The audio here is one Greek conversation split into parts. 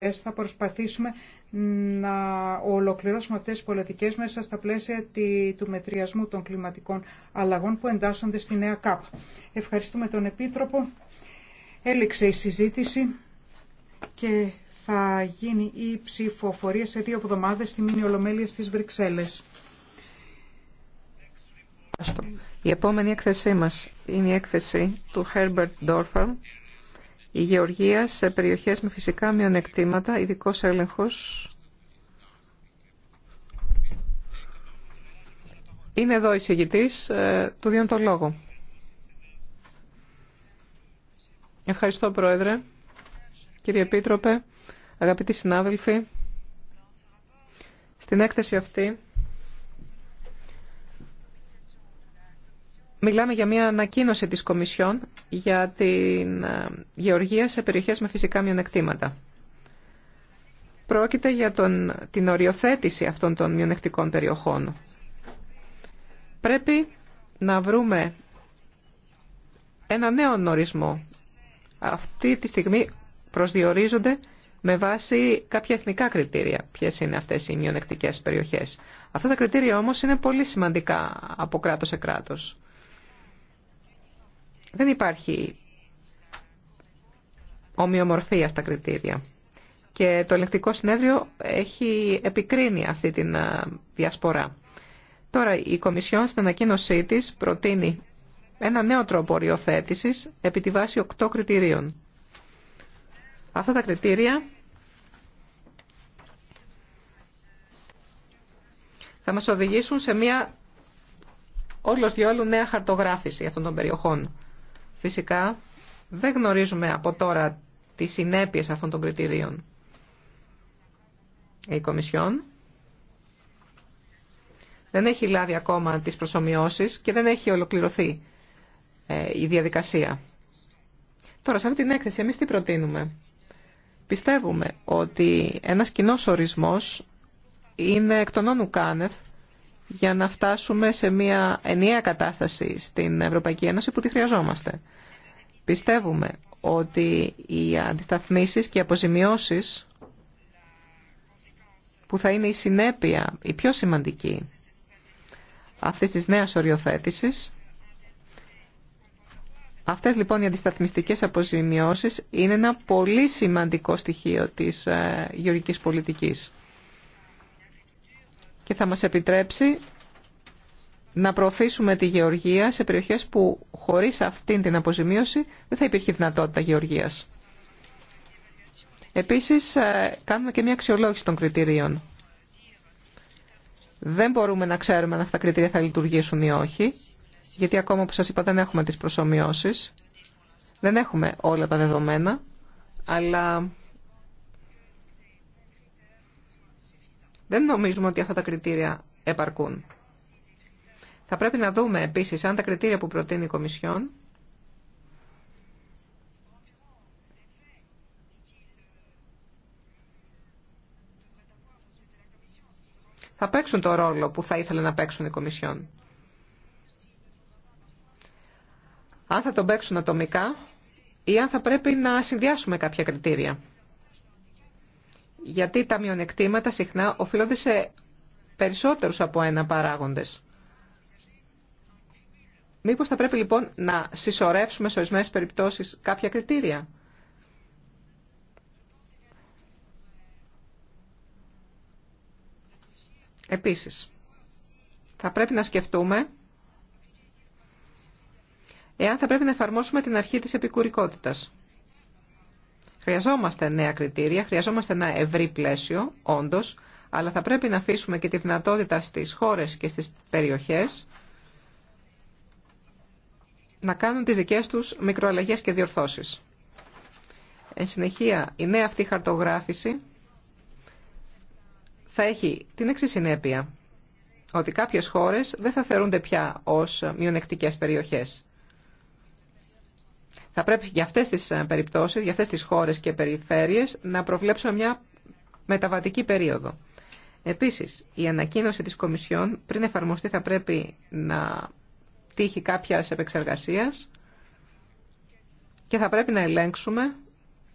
Ε, θα προσπαθήσουμε να ολοκληρώσουμε αυτές τις πολιτικές μέσα στα πλαίσια του μετριασμού των κλιματικών αλλαγών που εντάσσονται στη νέα ΚΑΠ. Ευχαριστούμε τον Επίτροπο. Έληξε η συζήτηση και θα γίνει η ψηφοφορία σε δύο εβδομάδες στη Μήνυ Ολομέλεια στις Βρυξέλλες. Η επόμενη έκθεσή μας είναι η έκθεση του Herbert Dorfer η γεωργία σε περιοχές με φυσικά μειονεκτήματα, ειδικό έλεγχος Είναι εδώ η συγητής, ε, του δίνω λόγο. Ευχαριστώ Πρόεδρε, κύριε Επίτροπε, αγαπητοί συνάδελφοι. Στην έκθεση αυτή Μιλάμε για μια ανακοίνωση της Κομισιόν για την ε, γεωργία σε περιοχές με φυσικά μειονεκτήματα. Πρόκειται για τον, την οριοθέτηση αυτών των μειονεκτικών περιοχών. Πρέπει να βρούμε ένα νέο ορισμό. Αυτή τη στιγμή προσδιορίζονται με βάση κάποια εθνικά κριτήρια ποιες είναι αυτές οι μειονεκτικές περιοχές. Αυτά τα κριτήρια όμως είναι πολύ σημαντικά από κράτος σε κράτος. Δεν υπάρχει ομοιομορφία στα κριτήρια. Και το ελεκτικό συνέδριο έχει επικρίνει αυτή την ε, διασπορά. Τώρα η Κομισιόν στην ανακοίνωσή της προτείνει ένα νέο τρόπο οριοθέτησης επί τη βάση οκτώ κριτηρίων. Αυτά τα κριτήρια θα μας οδηγήσουν σε μια όλος διόλου νέα χαρτογράφηση αυτών των περιοχών. Φυσικά δεν γνωρίζουμε από τώρα τις συνέπειες αυτών των κριτηρίων. Η Κομισιόν δεν έχει λάβει ακόμα τις προσωμιώσεις και δεν έχει ολοκληρωθεί ε, η διαδικασία. Τώρα, σε αυτή την έκθεση, εμείς τι προτείνουμε. Πιστεύουμε ότι ένας κοινό ορισμός είναι εκ των όνου κάνευ για να φτάσουμε σε μια ενιαία κατάσταση στην Ευρωπαϊκή Ένωση που τη χρειαζόμαστε. Πιστεύουμε ότι οι αντισταθμίσεις και οι αποζημιώσεις που θα είναι η συνέπεια, η πιο σημαντική αυτής της νέας οριοθέτησης, Αυτές λοιπόν οι αντισταθμιστικές αποζημιώσεις είναι ένα πολύ σημαντικό στοιχείο της ε, γεωργικής πολιτικής και θα μας επιτρέψει να προωθήσουμε τη γεωργία σε περιοχές που χωρίς αυτήν την αποζημίωση δεν θα υπήρχε δυνατότητα γεωργίας. Επίσης, ε, κάνουμε και μια αξιολόγηση των κριτηρίων. Δεν μπορούμε να ξέρουμε αν αυτά τα κριτήρια θα λειτουργήσουν ή όχι, γιατί ακόμα που σας είπα δεν έχουμε τις προσωμιώσεις, δεν έχουμε όλα τα δεδομένα, αλλά Δεν νομίζουμε ότι αυτά τα κριτήρια επαρκούν. Θα πρέπει να δούμε επίσης αν τα κριτήρια που προτείνει η Κομισιόν θα παίξουν το ρόλο που θα ήθελε να παίξουν οι Κομισιόν. Αν θα τον παίξουν ατομικά ή αν θα πρέπει να συνδυάσουμε κάποια κριτήρια γιατί τα μειονεκτήματα συχνά οφείλονται σε περισσότερους από ένα παράγοντες. Μήπως θα πρέπει λοιπόν να συσσωρεύσουμε σε ορισμένες περιπτώσεις κάποια κριτήρια. Επίσης, θα πρέπει να σκεφτούμε εάν θα πρέπει να εφαρμόσουμε την αρχή της επικουρικότητας. Χρειαζόμαστε νέα κριτήρια, χρειαζόμαστε ένα ευρύ πλαίσιο, όντω, αλλά θα πρέπει να αφήσουμε και τη δυνατότητα στι χώρε και στι περιοχέ να κάνουν τι δικέ του μικροαλλαγέ και διορθώσει. Εν συνεχεία, η νέα αυτή χαρτογράφηση θα έχει την εξή συνέπεια ότι κάποιες χώρες δεν θα θεωρούνται πια ως μειονεκτικές περιοχές. Θα πρέπει για αυτές τις ε, περιπτώσεις, για αυτές τις χώρες και περιφέρειες να προβλέψουμε μια μεταβατική περίοδο. Επίσης, η ανακοίνωση της Κομισιόν πριν εφαρμοστεί θα πρέπει να τύχει κάποια επεξεργασία και θα πρέπει να ελέγξουμε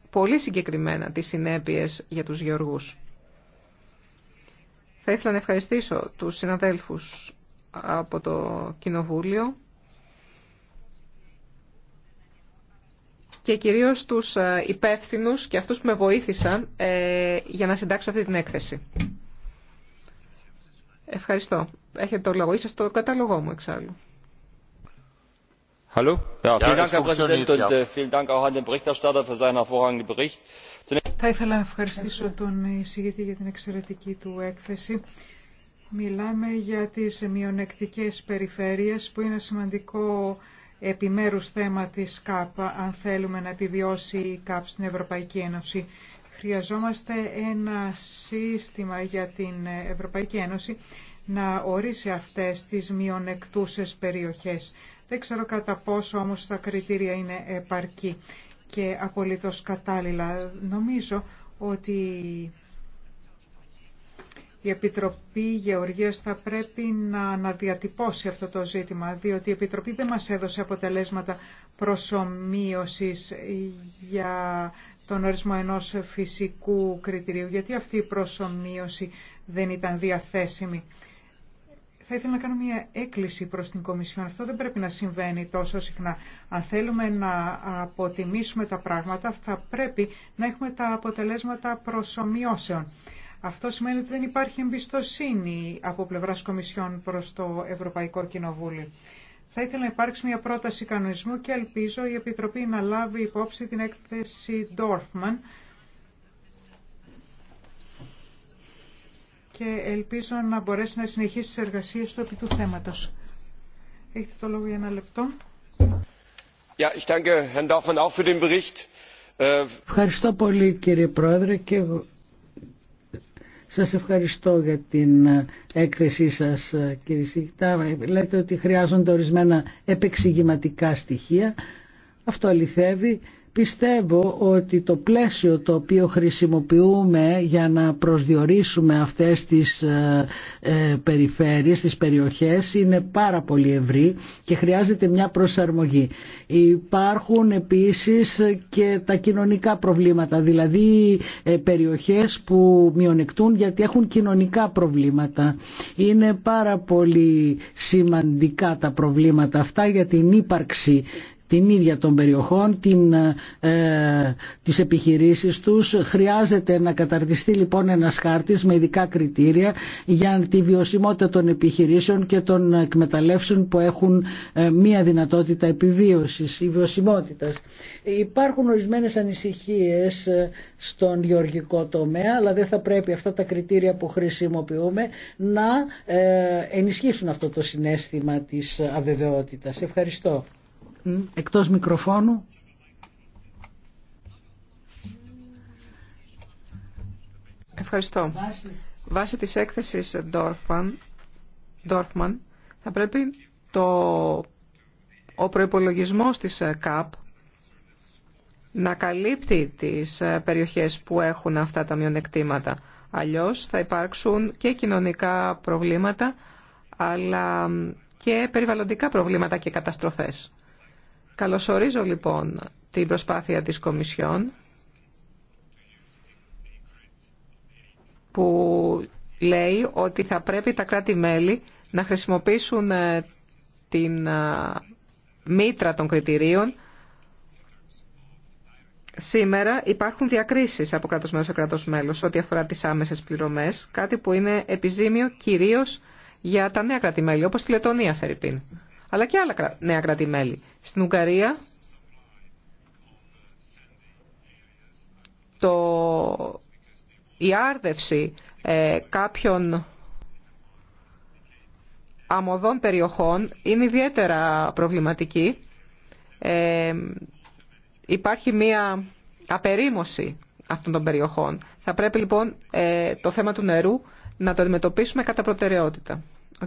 πολύ συγκεκριμένα τις συνέπειες για τους γεωργούς. Θα ήθελα να ευχαριστήσω τους συναδέλφους από το Κοινοβούλιο και κυρίως τους ε, υπεύθυνου και αυτούς που με βοήθησαν ε, για να συντάξω αυτή την έκθεση. Ευχαριστώ. Έχετε το λόγο. Είστε στο κατάλογό μου εξάλλου. Θα ήθελα να ευχαριστήσω τον εισηγητή για την εξαιρετική του έκθεση. Μιλάμε για τις μειονεκτικές περιφέρειες που είναι σημαντικό επιμέρους θέμα της ΚΑΠ αν θέλουμε να επιβιώσει η ΚΑΠ στην Ευρωπαϊκή Ένωση. Χρειαζόμαστε ένα σύστημα για την Ευρωπαϊκή Ένωση να ορίσει αυτές τις μειονεκτούσες περιοχές. Δεν ξέρω κατά πόσο όμως τα κριτήρια είναι επαρκή και απολύτως κατάλληλα. Νομίζω ότι η Επιτροπή Γεωργίας θα πρέπει να αναδιατυπώσει αυτό το ζήτημα, διότι η Επιτροπή δεν μας έδωσε αποτελέσματα προσωμείωσης για τον ορισμό ενός φυσικού κριτηρίου. Γιατί αυτή η προσωμείωση δεν ήταν διαθέσιμη. Θα ήθελα να κάνω μια έκκληση προς την Κομισιόν. Αυτό δεν πρέπει να συμβαίνει τόσο συχνά. Αν θέλουμε να αποτιμήσουμε τα πράγματα, θα πρέπει να έχουμε τα αποτελέσματα προσωμιώσεων. Αυτό σημαίνει ότι δεν υπάρχει εμπιστοσύνη από πλευράς Κομισιόν προς το Ευρωπαϊκό Κοινοβούλιο. Θα ήθελα να υπάρξει μια πρόταση κανονισμού και ελπίζω η Επιτροπή να λάβει υπόψη την έκθεση Dorfman και ελπίζω να μπορέσει να συνεχίσει τις εργασίες του επί του θέματος. Έχετε το λόγο για ένα λεπτό. Äh, Ευχαριστώ πολύ κύριε Πρόεδρε και εγώ σας ευχαριστώ για την ε, έκθεσή σας ε, κύριε Σιγητά. Λέτε ότι χρειάζονται ορισμένα επεξηγηματικά στοιχεία. Αυτό αληθεύει. Πιστεύω ότι το πλαίσιο το οποίο χρησιμοποιούμε για να προσδιορίσουμε αυτές τις ε, ε, περιφέρειες, τις περιοχές είναι πάρα πολύ ευρύ και χρειάζεται μια προσαρμογή. Υπάρχουν επίσης και τα κοινωνικά προβλήματα, δηλαδή ε, περιοχές που μειονεκτούν γιατί έχουν κοινωνικά προβλήματα. Είναι πάρα πολύ σημαντικά τα προβλήματα αυτά για την ύπαρξη την ίδια των περιοχών, την, ε, τις επιχειρήσεις τους. Χρειάζεται να καταρτιστεί λοιπόν ένας χάρτης με ειδικά κριτήρια για τη βιωσιμότητα των επιχειρήσεων και των εκμεταλλεύσεων που έχουν ε, μία δυνατότητα επιβίωσης ή βιωσιμότητας. Υπάρχουν ορισμένες ανησυχίες ε, στον γεωργικό τομέα, αλλά δεν θα πρέπει αυτά τα κριτήρια που χρησιμοποιούμε να ε, ενισχύσουν αυτό το συνέστημα της αβεβαιότητας. Ευχαριστώ εκτός μικροφώνου. Ευχαριστώ. Βάσει της έκθεσης Dorfman, θα πρέπει το, ο προϋπολογισμός της ε, ΚΑΠ να καλύπτει τις ε, περιοχές που έχουν αυτά τα μειονεκτήματα. Αλλιώς θα υπάρξουν και κοινωνικά προβλήματα, αλλά και περιβαλλοντικά προβλήματα και καταστροφές. Καλωσορίζω λοιπόν την προσπάθεια της Κομισιόν που λέει ότι θα πρέπει τα κράτη-μέλη να χρησιμοποιήσουν ε, την ε, μήτρα των κριτηρίων. Σήμερα υπάρχουν διακρίσεις από κράτος μέλος σε κράτος μέλος ό,τι αφορά τις άμεσες πληρωμές, κάτι που είναι επιζήμιο κυρίως για τα νέα κράτη-μέλη, όπως τη Λετωνία, Φερρυπίν αλλά και άλλα νέα Στην Ουγγαρία το, η άρδευση ε, κάποιων αμοδών περιοχών είναι ιδιαίτερα προβληματική. Ε, υπάρχει μία απερίμωση αυτών των περιοχών. Θα πρέπει λοιπόν ε, το θέμα του νερού να το αντιμετωπίσουμε κατά προτεραιότητα. Ο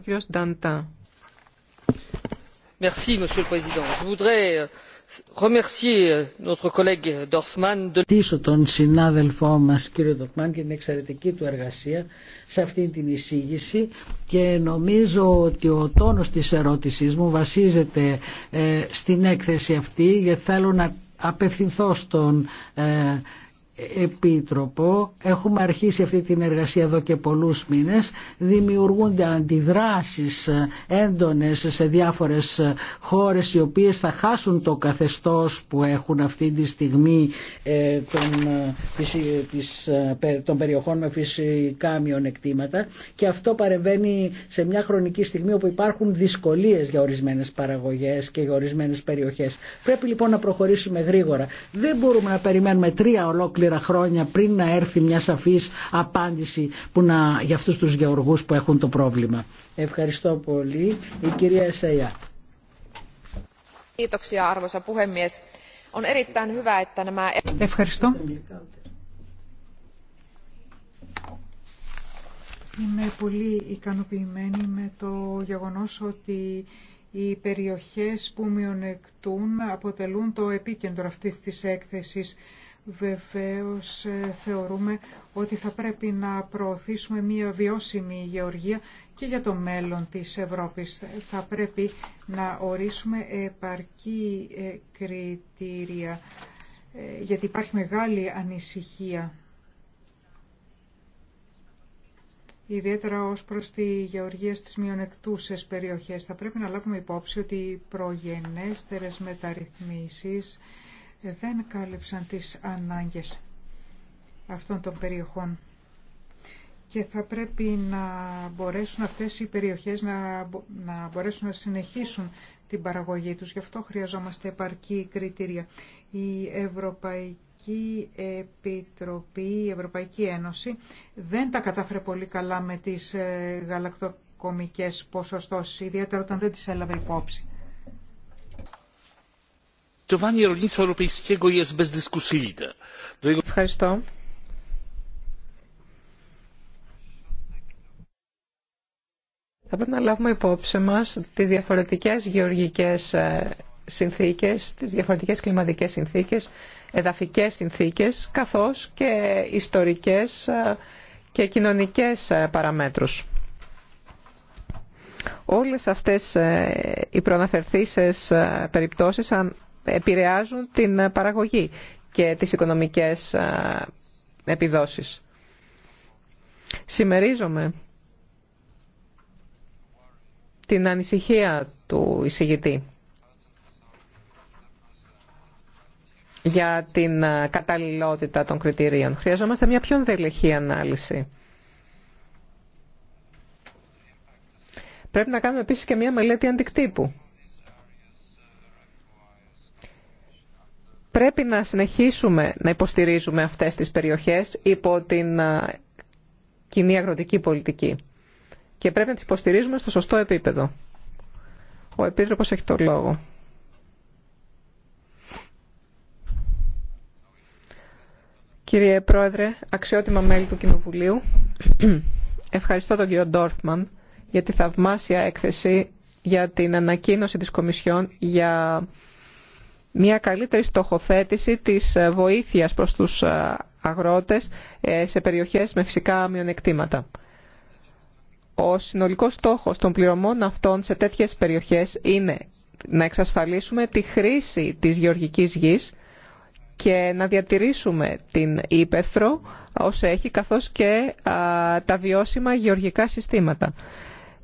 monsieur le ευχαριστήσω τον συνάδελφό μας κύριο Ντορφμάν και την εξαιρετική του εργασία σε αυτή την εισήγηση και νομίζω ότι ο τόνος της ερώτησής μου βασίζεται ε, στην έκθεση αυτή γιατί θέλω να απευθυνθώ στον ε, Επίτροπο, έχουμε αρχίσει αυτή την εργασία εδώ και πολλούς μήνες, δημιουργούνται αντιδράσεις έντονες σε διάφορες χώρες οι οποίες θα χάσουν το καθεστώς που έχουν αυτή τη στιγμή ε, των, της, ε, των περιοχών με φυσικά μειονεκτήματα και αυτό παρεμβαίνει σε μια χρονική στιγμή όπου υπάρχουν δυσκολίες για ορισμένες παραγωγές και για ορισμένες περιοχές. Πρέπει λοιπόν να προχωρήσουμε γρήγορα. Δεν μπορούμε να περιμένουμε τρία ολόκληρα ολόκληρα χρόνια πριν να έρθει μια σαφής απάντηση που να, για αυτούς τους γεωργούς που έχουν το πρόβλημα. Ευχαριστώ πολύ. Η κυρία Εσαϊά. Ευχαριστώ. Είμαι πολύ ικανοποιημένη με το γεγονός ότι οι περιοχές που μειονεκτούν αποτελούν το επίκεντρο αυτής της έκθεσης. Βεβαίως ε, θεωρούμε ότι θα πρέπει να προωθήσουμε μια βιώσιμη γεωργία και για το μέλλον της Ευρώπης. Θα πρέπει να ορίσουμε επαρκή ε, κριτήρια, ε, γιατί υπάρχει μεγάλη ανησυχία. Ιδιαίτερα ως προς τη γεωργία στις μειονεκτούσες περιοχές. Θα πρέπει να λάβουμε υπόψη ότι οι προγενέστερες μεταρρυθμίσεις ε, δεν κάλυψαν τις ανάγκες αυτών των περιοχών και θα πρέπει να μπορέσουν αυτές οι περιοχές να, να μπορέσουν να συνεχίσουν την παραγωγή τους. Γι' αυτό χρειαζόμαστε επαρκή κριτήρια. Η Ευρωπαϊκή Επιτροπή, η Ευρωπαϊκή Ένωση δεν τα κατάφερε πολύ καλά με τις ε, γαλακτοκομικές ποσοστώσεις, ιδιαίτερα όταν δεν τις έλαβε υπόψη. Ευχαριστώ. Θα πρέπει να λάβουμε υπόψη μας τις διαφορετικές γεωργικές ε, συνθήκες, τις διαφορετικές κλιματικές συνθήκες, εδαφικές συνθήκες, καθώς και ιστορικές ε, και κοινωνικές ε, παραμέτρους. Όλες αυτές οι προαναφερθήσεις περιπτώσεις επηρεάζουν την παραγωγή και τις οικονομικές επιδόσεις. Σημερίζομαι την ανησυχία του εισηγητή για την καταλληλότητα των κριτηρίων. Χρειαζόμαστε μια πιο ενδελεχή ανάλυση. Πρέπει να κάνουμε επίσης και μια μελέτη αντικτύπου. Πρέπει να συνεχίσουμε να υποστηρίζουμε αυτές τις περιοχές υπό την κοινή αγροτική πολιτική. Και πρέπει να τις υποστηρίζουμε στο σωστό επίπεδο. Ο Επίτροπος έχει το λόγο. Κύριε Πρόεδρε, αξιότιμα μέλη του Κοινοβουλίου, ευχαριστώ τον κύριο Ντόρφμαν για τη θαυμάσια έκθεση για την ανακοίνωση της Κομισιόν για μια καλύτερη στοχοθέτηση της ε, βοήθειας προς τους ε, αγρότες ε, σε περιοχές με φυσικά μειονεκτήματα. Ο συνολικός στόχος των πληρωμών αυτών σε τέτοιες περιοχές είναι να εξασφαλίσουμε τη χρήση της γεωργικής γης και να διατηρήσουμε την ύπεθρο ως έχει καθώς και τα βιώσιμα γεωργικά συστήματα.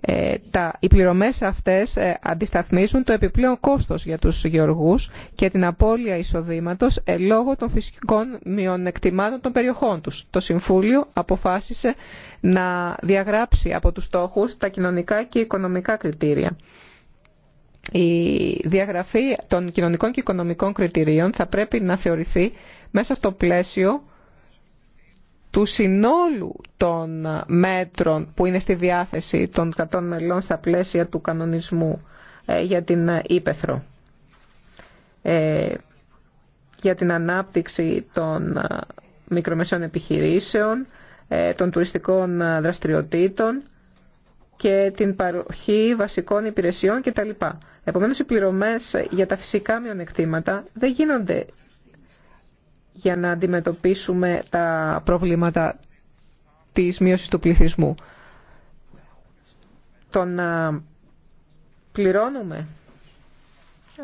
Ε, τα, οι πληρωμές αυτές ε, αντισταθμίζουν το επιπλέον κόστος για τους γεωργούς και την απώλεια εισοδήματος ε, λόγω των φυσικών μειονεκτημάτων των περιοχών τους. Το Συμφούλιο αποφάσισε να διαγράψει από τους στόχους τα κοινωνικά και οικονομικά κριτήρια. Η διαγραφή των κοινωνικών και οικονομικών κριτηρίων θα πρέπει να θεωρηθεί μέσα στο πλαίσιο του συνόλου των μέτρων που είναι στη διάθεση των κρατών μελών στα πλαίσια του κανονισμού ε, για την Ήπεθρο, ε, για την ανάπτυξη των ε, μικρομεσαίων επιχειρήσεων, των τουριστικών δραστηριοτήτων και την παροχή βασικών υπηρεσιών κτλ. Επομένως, οι πληρωμές για τα φυσικά μειονεκτήματα δεν γίνονται για να αντιμετωπίσουμε τα προβλήματα της μείωσης του πληθυσμού. Το να πληρώνουμε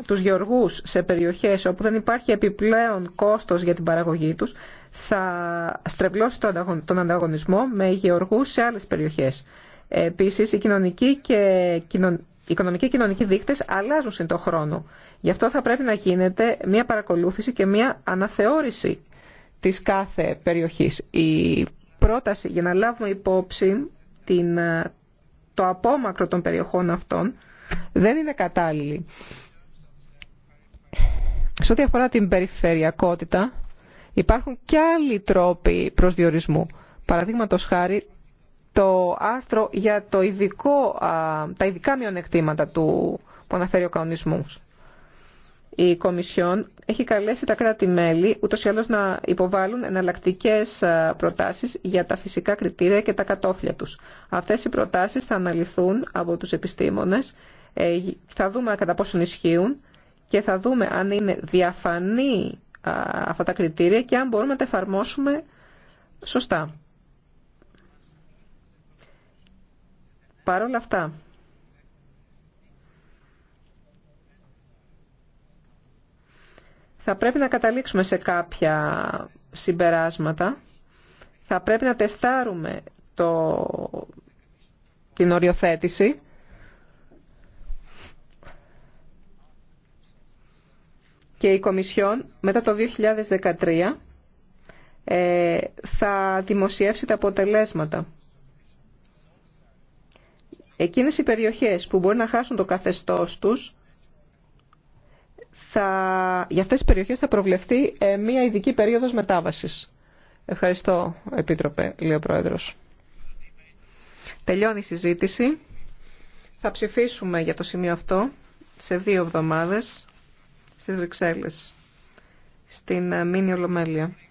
τους γεωργούς σε περιοχές όπου δεν υπάρχει επιπλέον κόστος για την παραγωγή τους θα στρεβλώσει τον ανταγωνισμό με γεωργούς σε άλλες περιοχές. Επίσης, η κοινωνική και οι οικονομικοί και κοινωνικοί δείκτε αλλάζουν συν χρόνο. Γι' αυτό θα πρέπει να γίνεται μια παρακολούθηση και μια αναθεώρηση τη κάθε περιοχή. Η πρόταση για να λάβουμε υπόψη την, το απόμακρο των περιοχών αυτών δεν είναι κατάλληλη. Σε ό,τι αφορά την περιφερειακότητα, υπάρχουν και άλλοι τρόποι προσδιορισμού. Παραδείγματο χάρη το άρθρο για το ειδικό, τα ειδικά μειονεκτήματα του, που αναφέρει ο κανονισμός. Η Κομισιόν έχει καλέσει τα κράτη-μέλη ούτως ή να υποβάλουν εναλλακτικέ προτάσεις για τα φυσικά κριτήρια και τα κατόφλια τους. Αυτές οι προτάσεις θα αναλυθούν από τους επιστήμονες, ε, θα δούμε κατά πόσον ισχύουν και θα δούμε αν είναι διαφανή αυτά τα κριτήρια και αν μπορούμε να τα εφαρμόσουμε σωστά. Παρ' όλα αυτά, θα πρέπει να καταλήξουμε σε κάποια συμπεράσματα. Θα πρέπει να τεστάρουμε το, την οριοθέτηση. Και η Κομισιόν μετά το 2013 ε, θα δημοσιεύσει τα αποτελέσματα. Εκείνες οι περιοχές που μπορεί να χάσουν το καθεστώς τους, θα, για αυτές τις περιοχές θα προβλεφθεί ε, μία ειδική περίοδος μετάβασης. Ευχαριστώ, Επίτροπε, λέει ο Πρόεδρος. Τελειώνει η συζήτηση. Θα ψηφίσουμε για το σημείο αυτό σε δύο εβδομάδες στις Βρυξέλλες, στην ε, Μίνιο Ολομέλεια.